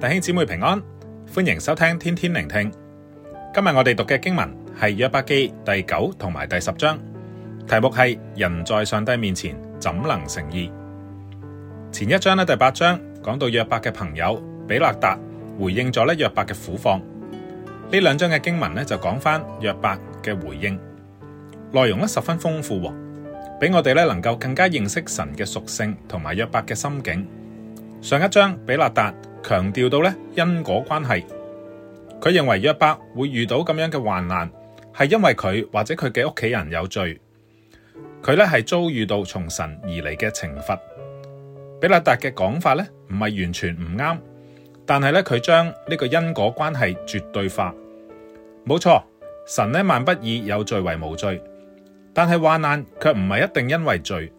弟兄姊妹平安，歡迎收聽天天靈聽。今日我哋讀嘅經文係約伯記第九同埋第十章，題目係人在上帝面前怎能成義？前一章咧，第八章講到約伯嘅朋友比勒達回應咗咧約伯嘅苦況。呢兩章嘅經文咧就講返約伯嘅回應，內容咧十分豐富，俾我哋咧能夠更加認識神嘅屬性同埋約伯嘅心境。上一章比勒達。強調到咧因果關係，佢認為約伯會遇到咁樣嘅患難，係因為佢或者佢嘅屋企人有罪，佢咧係遭遇到從神而嚟嘅懲罰。比勒達嘅講法咧唔係完全唔啱，但係咧佢將呢個因果關係絕對化。冇錯，神咧萬不以有罪為無罪，但係患難卻唔係一定因為罪。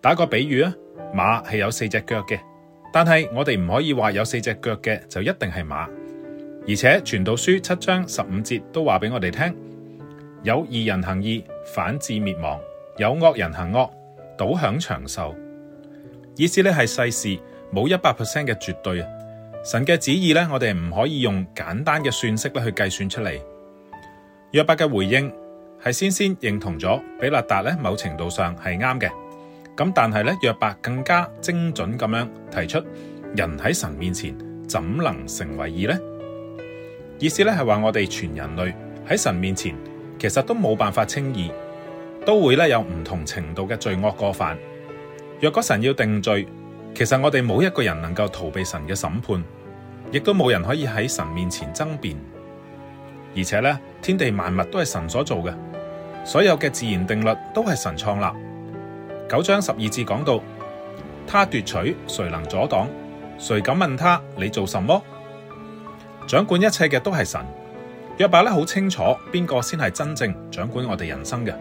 打個比喻啊，馬係有四隻腳嘅。但係我哋唔可以話有四隻腳嘅就一定係馬，而且傳道書七章十五節都話俾我哋聽：有義人行義，反致滅亡；有惡人行惡，倒享長壽。意思呢係世事冇一百 percent 嘅絕對，神嘅旨意呢，我哋唔可以用簡單嘅算式去計算出嚟。約伯嘅回應係先先認同咗，比勒達某程度上係啱嘅。咁但係咧，約伯更加精準咁樣提出，人喺神面前怎能成為義呢？意思咧係話我哋全人類喺神面前，其實都冇辦法稱義，都會咧有唔同程度嘅罪惡過犯。若果神要定罪，其實我哋冇一個人能夠逃避神嘅審判，亦都冇人可以喺神面前爭辯。而且咧，天地萬物都係神所做嘅，所有嘅自然定律都係神創立。九章十二節講到，他奪取，誰能阻擋？誰敢問他，你做什麼？掌管一切嘅都係神。約伯咧好清楚，邊個先係真正掌管我哋人生嘅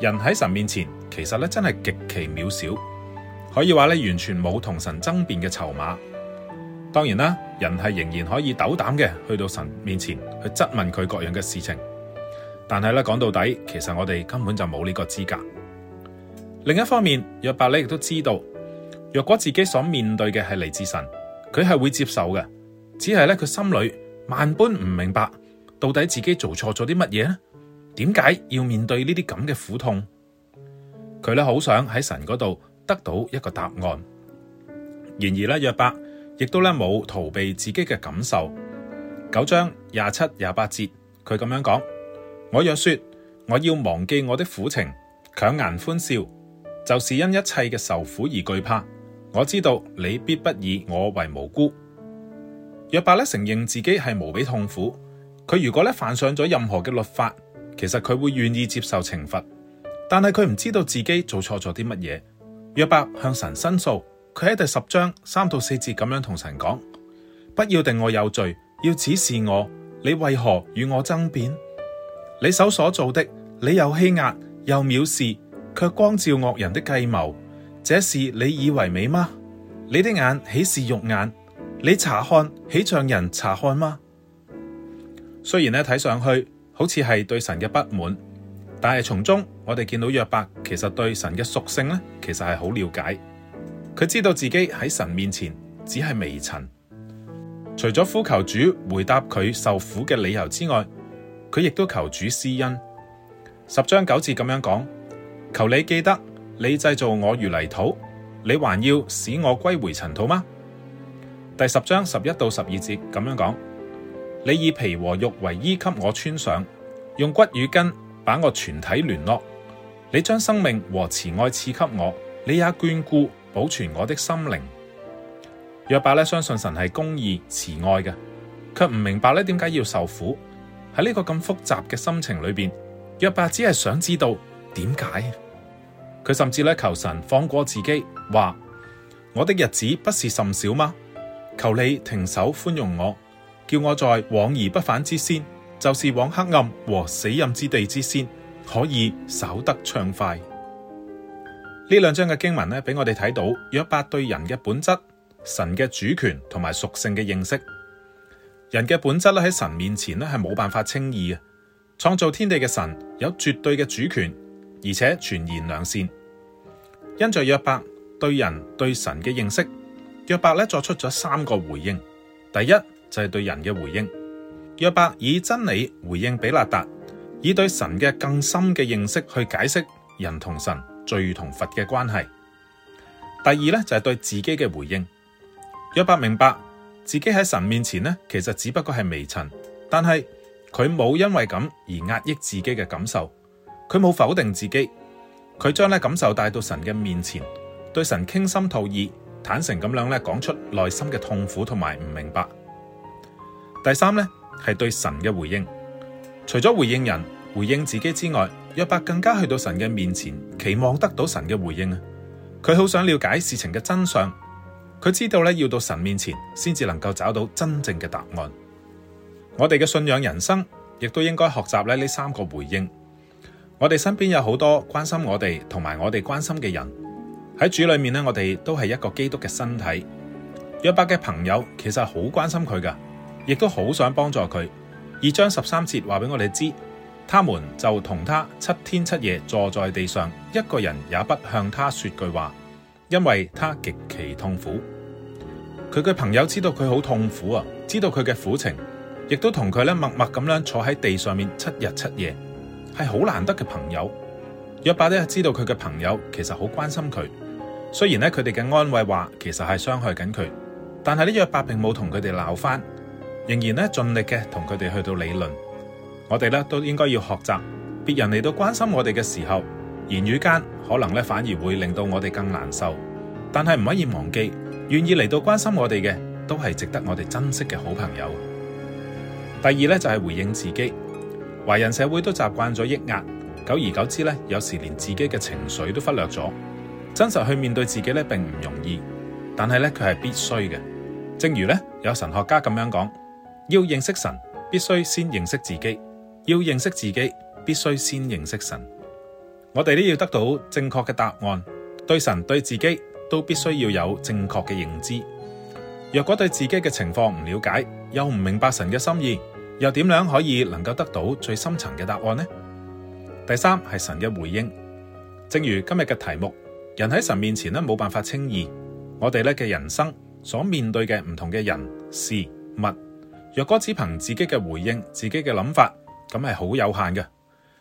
人。喺神面前，其實咧真係極其渺小，可以話咧完全冇同神爭辯嘅籌碼。當然啦，人係仍然可以斗膽嘅去到神面前去質問佢各樣嘅事情，但係咧講到底，其實我哋根本就冇呢個資格。另一方面，約伯呢亦都知道，若果自己所面對嘅係嚟自神，佢係會接受嘅。只係咧佢心裏萬般唔明白，到底自己做錯咗啲乜嘢咧？點解要面對呢啲咁嘅苦痛？佢咧好想喺神嗰度得到一個答案。然而咧，約伯亦都咧冇逃避自己嘅感受。九章廿七廿八節，佢咁樣講：「我若說，我要忘記我的苦情，強顏歡笑。就是因一切嘅愁苦而懼怕。我知道你必不以我為無辜。約伯咧承認自己係無比痛苦，佢如果咧犯上咗任何嘅律法，其實佢會願意接受懲罰，但係佢唔知道自己做錯咗啲乜嘢。約伯向神申訴，佢喺第十章三到四節咁樣同神講：不要定我有罪，要指示我，你為何與我爭辯？你手所造的，你又欺壓，又藐視。卻光照惡人的計謀，這事你以為美嗎？你的眼豈是肉眼？你查看豈像人查看嗎？雖然咧睇上去好似係對神嘅不滿，但係從中我哋見到約伯其實對神嘅屬性呢，其實係好了解。佢知道自己喺神面前只係微塵，除咗呼求主回答佢受苦嘅理由之外，佢亦都求主施恩。十章九節咁樣講。求你記得，你製造我如泥土，你還要使我歸回塵土嗎？第十章十一到十二節咁樣講：你以皮和肉為衣，給我穿上；用骨與筋把我全體聯絡。你將生命和慈愛賜給我，你也眷顧保存我的心靈。約伯呢，相信神係公義慈愛嘅，卻唔明白呢，點解要受苦。喺呢個咁複雜嘅心情裏邊，約伯只係想知道點解。佢甚至求神放過自己，話，我的日子不是甚少嗎？求你停手寬容我，叫我在往而不返之先，就是往黑暗和死蔭之地之先，可以稍得暢快。呢兩章嘅經文咧，俾我哋睇到約伯對人嘅本質、神嘅主權同埋屬性嘅認識。人嘅本質咧喺神面前咧係冇辦法稱義嘅。創造天地嘅神有絕對嘅主權。而且全然良善，因着約伯對人對神嘅認識，約伯咧作出咗三個回應。第一就係、是、對人嘅回應，約伯以真理回應比勒達，以對神嘅更深嘅認識去解釋人同神罪同罰嘅關係。第二呢，就係、是、對自己嘅回應，約伯明白自己喺神面前咧，其實只不過係微塵，但係佢冇因為咁而壓抑自己嘅感受。佢冇否定自己，佢將咧感受帶到神嘅面前，對神傾心吐意，坦誠咁樣咧講出內心嘅痛苦同埋唔明白。第三咧係對神嘅回應，除咗回應人、回應自己之外，約伯更加去到神嘅面前，期望得到神嘅回應啊！佢好想了解事情嘅真相，佢知道咧要到神面前先至能夠找到真正嘅答案。我哋嘅信仰人生亦都應該學習咧呢三個回應。我哋身邊有好多關心我哋同埋我哋關心嘅人，喺主裏面呢，我哋都係一個基督嘅身體。約伯嘅朋友其實好關心佢噶，亦都好想幫助佢，二章十三節話俾我哋知，他們就同他七天七夜坐在地上，一個人也不向他說句話，因為他極其痛苦。佢嘅朋友知道佢好痛苦啊，知道佢嘅苦情，亦都同佢咧默默咁樣坐喺地上面七日七夜，係好難得嘅朋友，約伯咧知道佢嘅朋友其實好關心佢，雖然咧佢哋嘅安慰話其實係傷害緊佢，但係呢約伯並冇同佢哋鬧翻，仍然咧盡力嘅同佢哋去到理論。我哋咧都應該要學習，別人嚟到關心我哋嘅時候，言語間可能咧反而會令到我哋更難受，但係唔可以忘記，願意嚟到關心我哋嘅都係值得我哋珍惜嘅好朋友。第二咧就係回應自己。華人社會都習慣咗抑壓，久而久之咧，有時連自己嘅情緒都忽略咗，真實去面對自己咧並唔容易，但係咧佢係必須嘅。正如咧有神學家咁樣講，要認識神，必須先認識自己；要認識自己，必須先認識神。我哋都要得到正確嘅答案，對神對自己都必須要有正確嘅認知。若果對自己嘅情況唔了解，又唔明白神嘅心意，又點樣可以能夠得到最深層嘅答案呢？第三係神嘅回應，正如今日嘅題目，人喺神面前呢，冇辦法稱義。我哋呢嘅人生所面對嘅唔同嘅人事物，若果只憑自己嘅回應、自己嘅諗法，咁係好有限嘅。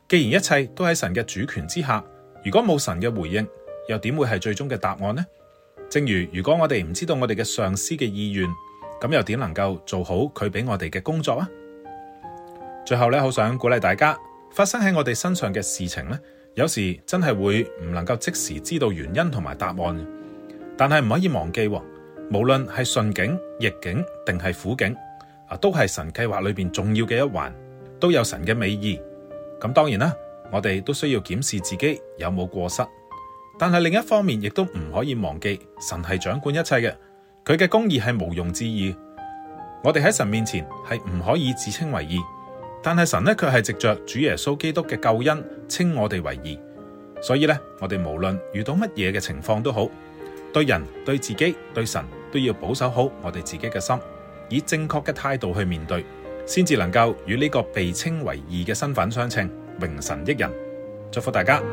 既然一切都喺神嘅主權之下，如果冇神嘅回應，又點會係最終嘅答案呢？正如如果我哋唔知道我哋嘅上司嘅意願，咁又點能夠做好佢俾我哋嘅工作啊？最後咧，好想鼓勵大家，發生喺我哋身上嘅事情呢，有時真係會唔能夠即時知道原因同埋答案。但係唔可以忘記，哦，無論係順境、逆境定係苦境，啊，都係神計劃裏邊重要嘅一環，都有神嘅美意。咁當然啦，我哋都需要檢視自己有冇過失。但係另一方面，亦都唔可以忘記神係掌管一切嘅，佢嘅公義係毋庸置疑。我哋喺神面前係唔可以自稱為義。但係神咧，卻係藉着主耶穌基督嘅救恩，稱我哋為義。所以咧，我哋無論遇到乜嘢嘅情況都好，對人、對自己、對神都要保守好我哋自己嘅心，以正確嘅態度去面對，先至能夠與呢個被稱為義嘅身份相稱，榮神益人。祝福大家。